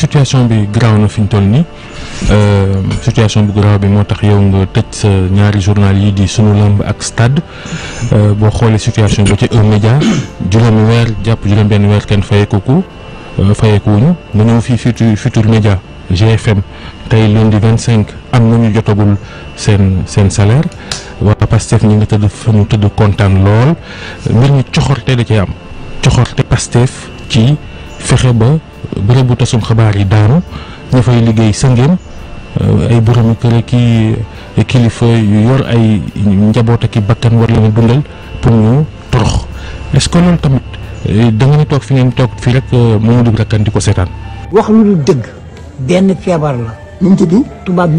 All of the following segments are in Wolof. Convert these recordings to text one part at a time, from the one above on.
situation bi grave na euh, situation bu grave bi yow nga tecc sa ñaari journal yi di sunu lamb ak stade euh, bo xolé situation bi ci E-Média weer japp ben weer ken ko euh, Futur Média GFM tay lundi 25, am nañu jotagul salaire Pastef ñi nga tëdd fa ñu tëdd lool am bu tasum xabaar yi daanu ña fay liggéey sëngéem ay boroomi kër ki kilifa yu yor ay njaboot ak i bakkan war leen dundal pour ñu torox est-ce loolu tamit eh, da ngeen toog fi ngeen toog fii rek eh, Mamadou Rakane di ko seetaan. wax lu la. nu mu tudd. tubaab naa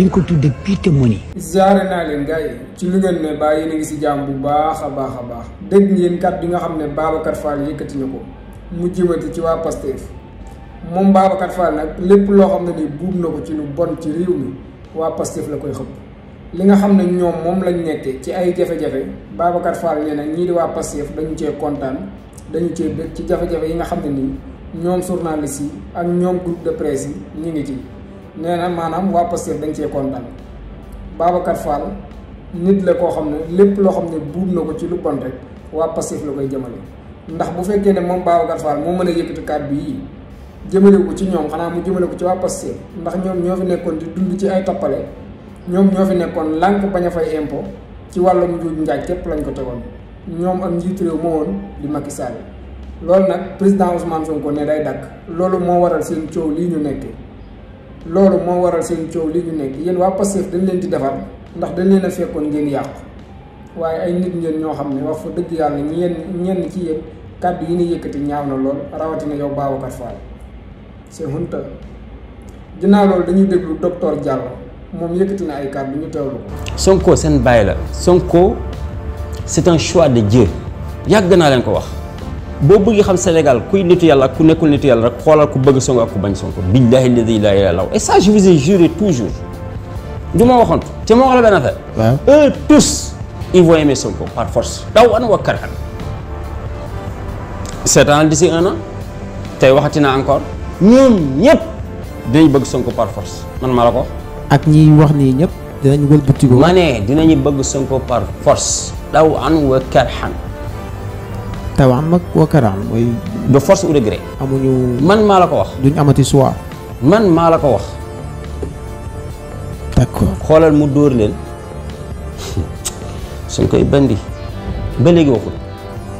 leen gars ci lu ne baa yéen a ngi bu baax a baax a baax. dégg ngeen bi nga xam ne Babacar Fall yëkkati na ko mu jëmati ci waa Pastef moom Babacar Fall nag lépp loo xam ne nii buub na ko ci lu bon ci réew mi waa Pastef la koy xëpp li nga xam ne ñoom moom lañ nekkee ci ay jafe-jafe Babacar Fall nee na ñii di waa Pastef dañu cee kontaan dañu cee bëgg ci jafe yi nga xam ne nii ñoom journaliste yi ak ñoom groupe de presse yi ñu ngi ci nee na maanaam waa Pastef dañ cee kontaan Babacar Fall nit la koo xam ne lépp loo xam ne buub na ko ci lu bon rek waa Pastef la koy jëmale ndax bu fekkee ne moom Babacar Fall moo mën a yëkkati kàddu yi jëmale ko ci ñoom xanaa mu jëmale ko ci waa Pastef ndax ñoom ñoo fi nekkoon di dund ci ay tappale ñoom ñoo fi nekkoon lànk bañ a fay impôt ci mu njuuj njaaj képp lañ ko tegoon ñoom ak njiitu réew moo woon di Macky Sall loolu nag président Ousmane Sonko ne day dakk loolu moo waral seen coow lii ñu nekk loolu moo waral seen coow lii ñu nekk yéen waa Pastef dañ leen di defar ndax dañ leen a fekkoon ngeen yàqu waaye ay nit ngeen ñoo xam ne wax fa dëgg yàlla ñeen ñenn ci yéen kàddu yi ñu yëkkati ñaaw na lool rawatina yow Babacar Fall c'est honteux ginnaaw loolu dañuy déglu docteur Diallo mom yëkkati na ay kàddu ñu teewlu Sonko sen bay la. Sonko c'est un choix de Dieu yag na leen ko wax bo bëgg xam Sénégal kuy nitu yalla ku nekkul nitu yalla rek xolal ku bëgg Sonko ak ku bañ Sonko billahi la ilaha illallah et ça je vous ai juré toujours du ma waxoon te ma wax la affaire. waaw eux tous ils vont aimer Sonko par force. daw an wa karhan seetaan d'ici un an tay waxati na encore. ñoom ñëpp dinañ bëgg Sonko par force man ma la ko. ak ñii wax nii ñëpp dinañ wëlbati ko. ma ne dinañu bëgg Sonko par force. daw an wa karhan. tawan mag wa karhan mooy. de force ou de gré. amuñu. man maa la ko wax. duñ amati choix. man maa la ko wax. d'accord xoolal mu dóor leen. Sonko koy bandi ba léegi waxul.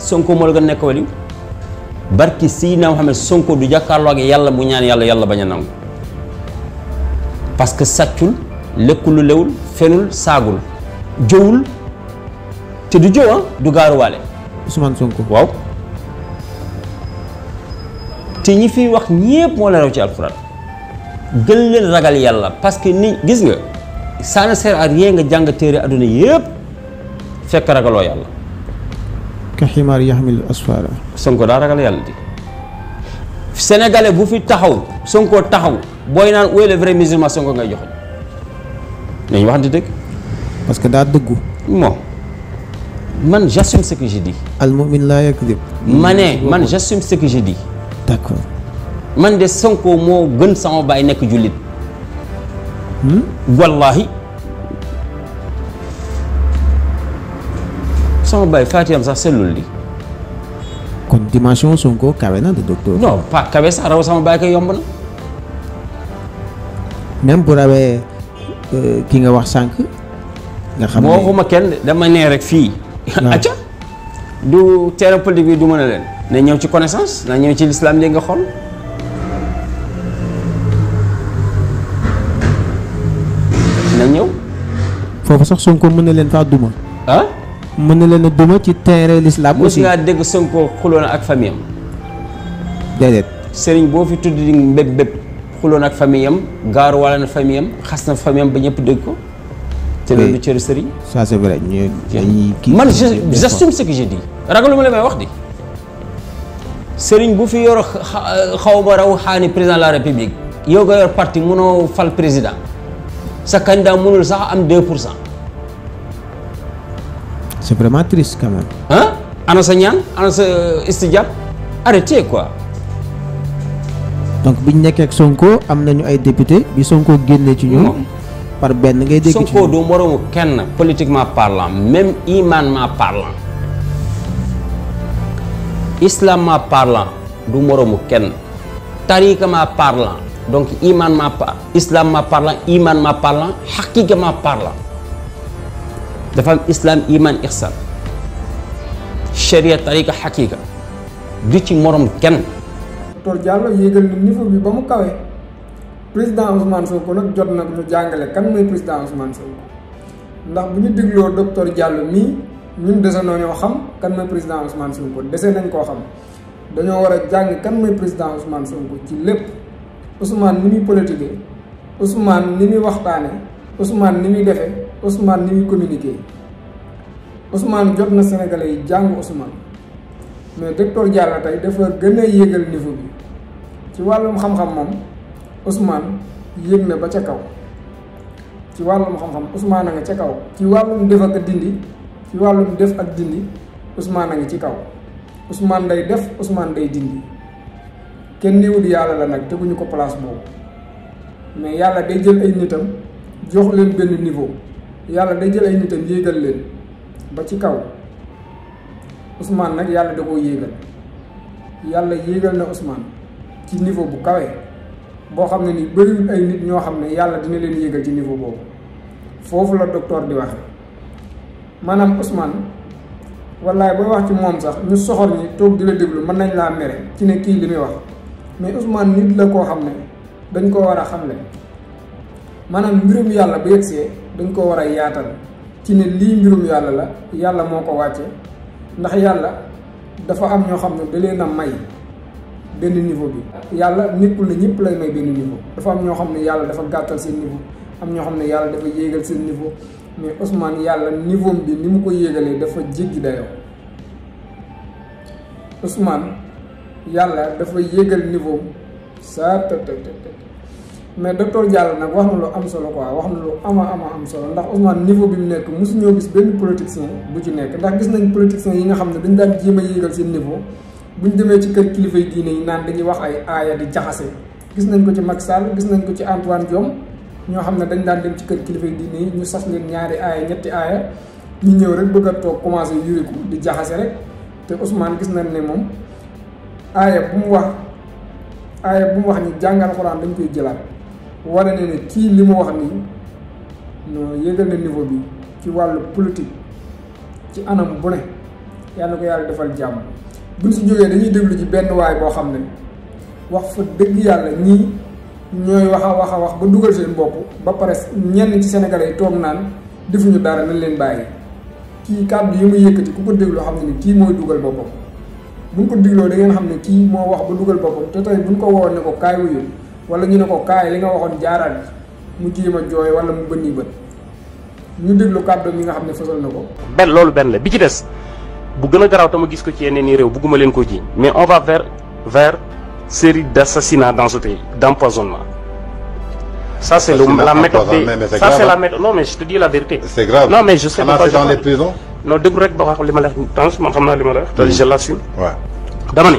Sonko moo la gën barki si wali barki Seydina Mohamed Sonko du jàkkaarloo ak yàlla mu ñaan yàlla yàlla bañ a nangu parce que sàccul lëkkulu lewul fenul saagul jowul te du jow ah du gaaruwaale Ousmane Sonko waaw te ñi fiy wax ñépp moo la raw ci alxuraan gën leen ragal yàlla parce que ni gis nga ça ne sert nga jàng téere àdduna yépp fekk ragaloo yàlla كحمار يحمل أسفارا سنكو دارك اللي يلدي في سنغال بوفي تحو سنكو تحو بوينا ويل فري ميزر ما سنكو نجي يخل نجي واحد ديك بس كدا دقو مو من جسم سكي جدي المؤمن لا يكذب من من جسم سكي جدي داكو من دي سنكو مو غن سنو باي نك جوليت والله sama baay am sax sellul li kon dimension Sonko kawe na de docteur. non pas kawe raw sama bay kay yomb na. même avoir euh ki nga wax sank nga xam mo xuma ken dama ne rek fi nah. acca du terrain politique du meuna a na ñew ci connaissance na ñew ci l'islam li nga xol na ñew fofu sax son ko meuna len fa duma. ah. mën na leen a duma ci terrain l'islam aussi mos ngaa dégg Sonko xuloon ak famille am sëriñ boo fi tudd di mbéb bépp xuloon ak famille am na famille xas na famille ba ñëpp dégg ko te loolu du cëru sëriñ ça kii man j'assume ce que j'ai dit la may wax di sëriñ bu fi yor xaw ma raw xaani président la république yow nga yor parti mënoo fal président sa candidat mënul sax am 2 pour cent triste quand même. Hein En enseignant, en istijab, arrêtez quoi. Donc, biñ nekk ak Sonko am nañu ay député bi Sonko génné ci ñoom hmm. par ben ngay dégg Sonko do moromu kenn politiquement parlant même imanement parlant ma parlant du moromu kenn ma parlant donc imanement parlant ma parlant imanement parlant ma parlant dafa am islam iman ihsan sharia tariqa xaqiqa du ci morom kenn. docteur Diallo yéegal na niveau bi ba mu kawee président Ousmane Sonko nag jot na ñu jàngale kan mooy président Ousmane Sonko ndax bu ñu dégloo docteur jàll mii ñun dese nañoo xam kan mooy président Ousmane Sonko desee nañ koo xam dañoo war a jàng kan mooy président Ousmane Sonko ci lépp Ousmane ni muy politique Ousmane ni muy waxtaane Ousmane ni muy defee. Ousmane ni muy communiqué Ousmane jot na sénégalais yi jàng Ousmane mais docteur Diallo tay dafa gëna yéggal niveau bi ci walum xam-xam mom Ousmane yéeg na ba ca kaw ci walum xam-xam Ousmane nga ca kaw ci walum def ak dindi ci walum def ak dindi Ousmane nga ci kaw Ousmane day def Ousmane day dindi kenn wul yalla la nak teguñu ko place bo mais yalla day jël ay nitam jox leen benn niveau yàlla day jël ay nitam yéegal leen ba ci kaw Ousmane nag yàlla da koo yéegal yàlla yéegal na Ousmane ci niveau bu kawee boo xam ne ni bëriwul ay nit ñoo xam ne yàlla dina leen yéegal ci niveau boobu foofu la docteur di wax maanaam Ousmane wallaay booy wax ci moom sax ñu soxor ñi toog di la déglu mën nañ laa mere ci ne kii li muy wax mais Ousmane nit la koo xam ne dañ koo war a xamle maanaam mbirum yàlla ba yegsee dañ ko war a yaatal ci ni lii mbirum yàlla la yàlla moo ko wàcce ndax yàlla dafa am ñoo xam ne da leen a may benn niveau bi yàlla nekkul ne ñëpp lay may benn niveau dafa am ñoo xam ne yàlla dafa gàttal seen niveau am ñoo xam ne yàlla dafa yégal seen niveau mais Ousmane yàlla niveau bi ni mu ko yégalee dafa jéggi dayoo Ousmane yàlla dafa yégal niveau saa tëdd mais docteur Diallo nag wax na lu am solo quoi wax na lu am ama am solo ndax Ousmane niveau bi mu nekk mosu ñoo gis benn politicien bu ci nekk ndax gis nañ politiciens yi nga xam ne dañ daan jéem a yéegal seen niveau buñ demee ci kër kilifa yi diine yi naan dañuy wax ay aaya di jaxase gis nañ ko ci Macky Sall gis nañ ko ci Antoine Diome ñoo xam ne dañ daan dem ci kër kilifa yi diine yi ñu sas leen ñaari aaya ñetti aaya ñu ñëw rek bëgg a toog commencé yuriku di jaxase rek te Ousmane gis nañ ne moom aaya bu mu wax aaya bu mu wax ni jàngal Alxuraan dañ koy jëlaat wane ne ne kii li mu wax nii non yéegal na niveau bi ci wàllu politique ci anam bu ne yàlla ko yàlla defal jàmm buñ si jógee dañuy déglu ci benn waay boo xam ne wax fa dëgg yàlla nii ñooy wax a wax a wax ba dugal seen bopp ba pare ñenn ci sénégalais yi toog naan defuñu dara nañ leen bàyyi kii kàddu yi mu yëkkati ku ko déglu xam ne ni kii mooy dugal boppam buñ ko dégloo da ngeen xam ne kii moo wax ba dugal boppam te tey buñ ko woo ko kaay wuyu wala ñu ne ko kaay li nga waxoon jaaraat bi mu jéem a jooy wala mu bëni bët ñu déglu kàddu yi nga xam ne fësal na ko. benn loolu benn la bi ci des bu gën a garaaw te gis ko ci yeneen i réew bugguma leen ko ji mais on va vers vers série d' assassinats dans ce pays d' empoisonnement. ça c'est la méthode des ça c'est la hein. méthode non mais je te dis la vérité. c'est grave non mais je sais. pas c'est dans les prisons. non déglu rek ba wax li ma la wax franchement xam naa li ma la wax. je l'assume. waaw dama ne.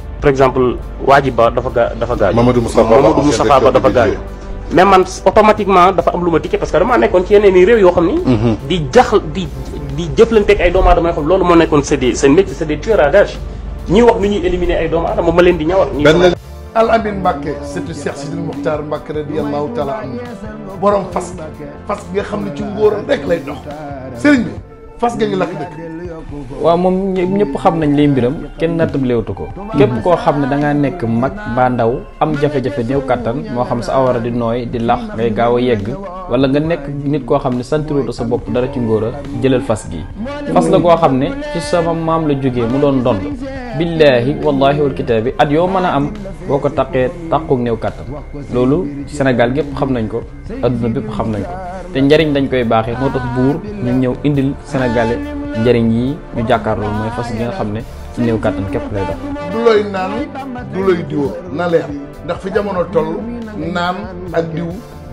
par exemple waaji ba dafa gaa dafa gaañu. Mamadou man automatiquement dafa am lu ma dikkee parce que damaa nekkoon ci yeneen i réew yoo xam ni. Mhm. di jax di di jëflanteeg ay doomu aadama yoo xam loolu moo nekkoon c'est des c'est des tueurs à gages wax nu ñuy éliminer ay doomu aadama ma leen di ñawar. benn al amin Mbacke surtout Cheikh Sidil Moukhtar Mbacke radiyallahu taala anhu borom fas fas nga xam ne ci ngóoram rek lay dox sëriñ bi fas nga ñu lakk waaw moom ñëpp xam nañ lay mbiram kenn nattab léewtu ko képp koo xam ne dangaa nekk mag ba ndaw am jafe-jafe néew kàttan moo xam sa awara di nooy di lax ngay gaaw a yegg wala nga nekk nit koo xam ne santiroota sa bopp dara ci ngóor a jëlal fas gi fas la koo xam ne ci sama maam la jógee mu doon dond billaahi wallaahi wal kitaabi at yoo mën a am boo ko taqee taquk néew kàttan loolu ci senegal gépp xam nañ ko adduna bépp xam nañ ko te njariñ dañ koy njëriñ yi ñu jàkkaarloo mooy fas gi nga xam ne ci néew kàttan képp lay dox. du looy naan du looy diwoo na leer ndax fi jamono toll naan ak diw.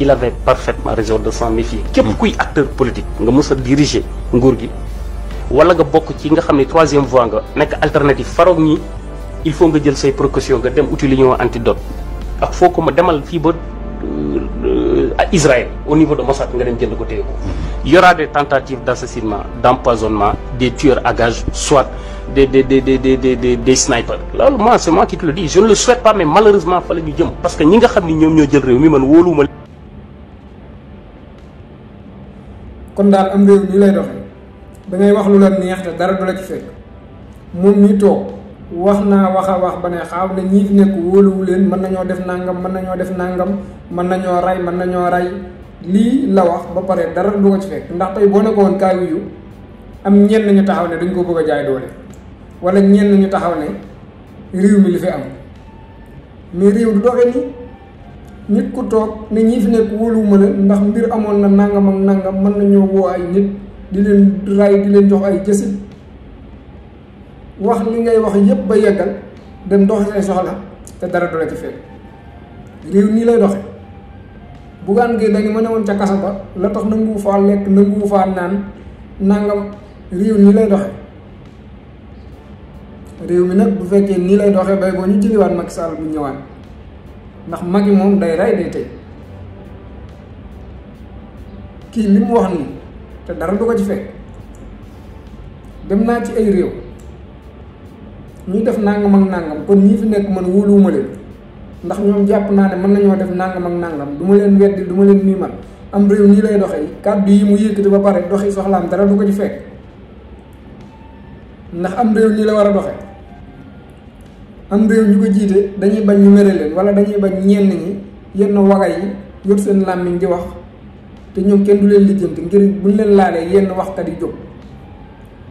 il avait parfaitement raison de s'en méfier. Quel kuy acteur politique nga diriger wala nga bok ci nga troisième voie nga alternative il faut nga jël ses nga dem antidote ak foko ma demal euh, Israël au niveau de Mossad nga jënd y aura des tentatives d'assassinat d'empoisonnement des tueurs à gages soit des des des des des des des snipers. moi c'est moi qui te le dis je ne le souhaite pas mais malheureusement fallait parce que ñi nga nous kon daal am réew nii lay doxee da ngay wax lu la neex te dara du la ci fekk moom mi toog wax naa wax wax ba ne xaaw ne ñii fi nekk wóoluwu leen mën nañoo def nangam mën nañoo def nangam mën nañoo rey mën nañoo rey lii la wax ba pare dara du ko ci fekk ndax tey boo woon kaa yu am ñenn ñu taxaw ne dañ ko bëgg a jaay doole wala ñenn ñu taxaw ne réew mi li fi am mais réew du doxee nii. nit ku tok ne ñi fi nekk wóoluwuma la ndax mbir amon na nangam ak nangam mën nañu woo ay nit di leen ray di leen jox ay jëssit wax li ngay wax yépp ba yeggal dem dox say soxla te dara do la ci fekk réew ni lay bu gan gi dañu mëna won ci kassa ba la tax fa lek na nangu fa naan nangam réew ni lay doxe réew mi nak bu fekkee ni lay doxé bay bo ñu jëliwaat Macky Sall bu ñëwaat ndax mag yi moom day rey day tëj kii li mu wax nii te dara du ko ci fekk dem naa ci ay réew ñu def nangam ak nangam kon ñii fi nekk man wóoluwuma leen ndax ñoom jàpp naa ne mën nañoo def nangam ak nangam du ma leen weddi du ma leen niimal am réew ñii lay doxee kàddu yi mu yëkkati ba pare doxi soxlaam dara du ko ci fekk ndax am réew nii la war a doxee. am réew ñu ko jiite dañuy bañ ñu mere leen wala dañuy bañ ñenn ñi yenn waga yi yor seen làmmiñ di wax te ñoom kenn du leen lijjanti ngir buñ leen laalee yenn waxkat yi jóg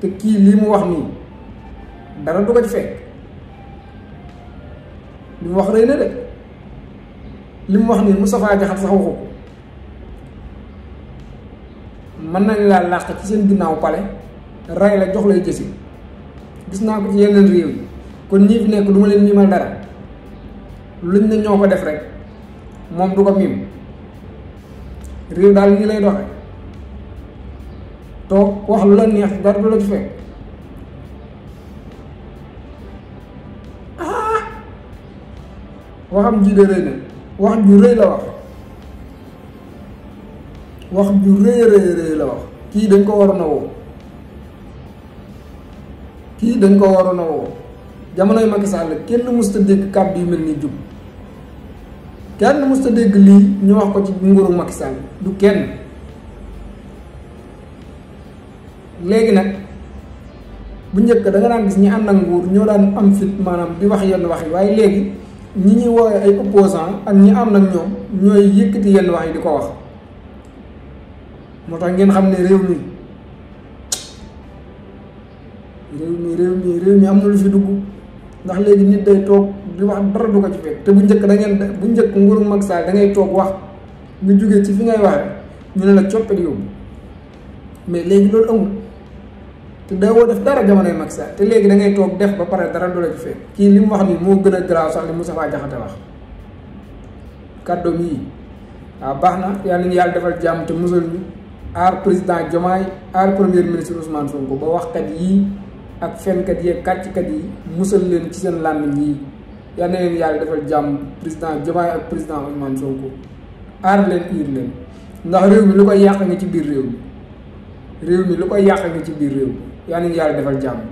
te kii lii mu wax nii dara du ko ci fekk li wax rëy na de li mu wax nii Moustapha Diakhaté sax waxu ko mën nañ laa làq ci seen ginnaaw pale ray la jox lay jësi gis naa ko ci yeneen réew yi kon ñi fi nekk du ma leen miimal dara luñ ne ñoo ko def rek moom du ko miim réew daal ñi lay doxe toog wax lu la neex dara du la ci fekk ah! waxam ji de rëy na ju rëy la wax wax ju rëy rëy rëy la wax kii dañ ko waroon a woo kii dañ ko waroon a woo yi Macky Sall kenn musta dégg kàddu yu mel ni jub kenn musta dégg lii ñu wax ko ci nguuru Macky Sall du kenn léegi nag bu njëkk da nga daan gis ñi ànd ak nguur ñoo daan am fit maanaam di wax yenn wax yi waaye léegi ñi ñuy woowee ay opposant ak ñi am ak ñoom ñooy yëkkati yenn wax yi di ko wax moo tax ngeen xam ne réew mi réew mi réew mi réew mi am na lu fi dugg ndax léegi nit day toog bi wax dara du ko ci fekk te bu njëkk da ngeen bu njëkk nguuru Macky Sall da ngay toog wax nga jógee ci fi ngay waxee mu ne la coppet yóbbu mais léegi loolu amul te woo def dara jamonoy Macky Sall te léegi da ngay toog def ba pare dara du la ci fekk kii li mu wax ni moo gën a garaaw sax li mu Moustapha Diakhaté wax kàddoom yi waaw baax na yàlla nañu yàlla defal jàmm te musal ñu aar président Diomaye aar premier ministre Ousmane Sonko ba waxkat yii ak fenkat yi ak kàcckat yi musal leen ci seen làmmiñ yi yal na leen yàlla defal jàmm président Diomaye ak président Ousmane Sonko aar leen iir leen ndax réew mi lu koy yàq ngi ci biir réew mi réew mi lu koy yàq ngi ci biir réew mi yal na yàlla defal jàmm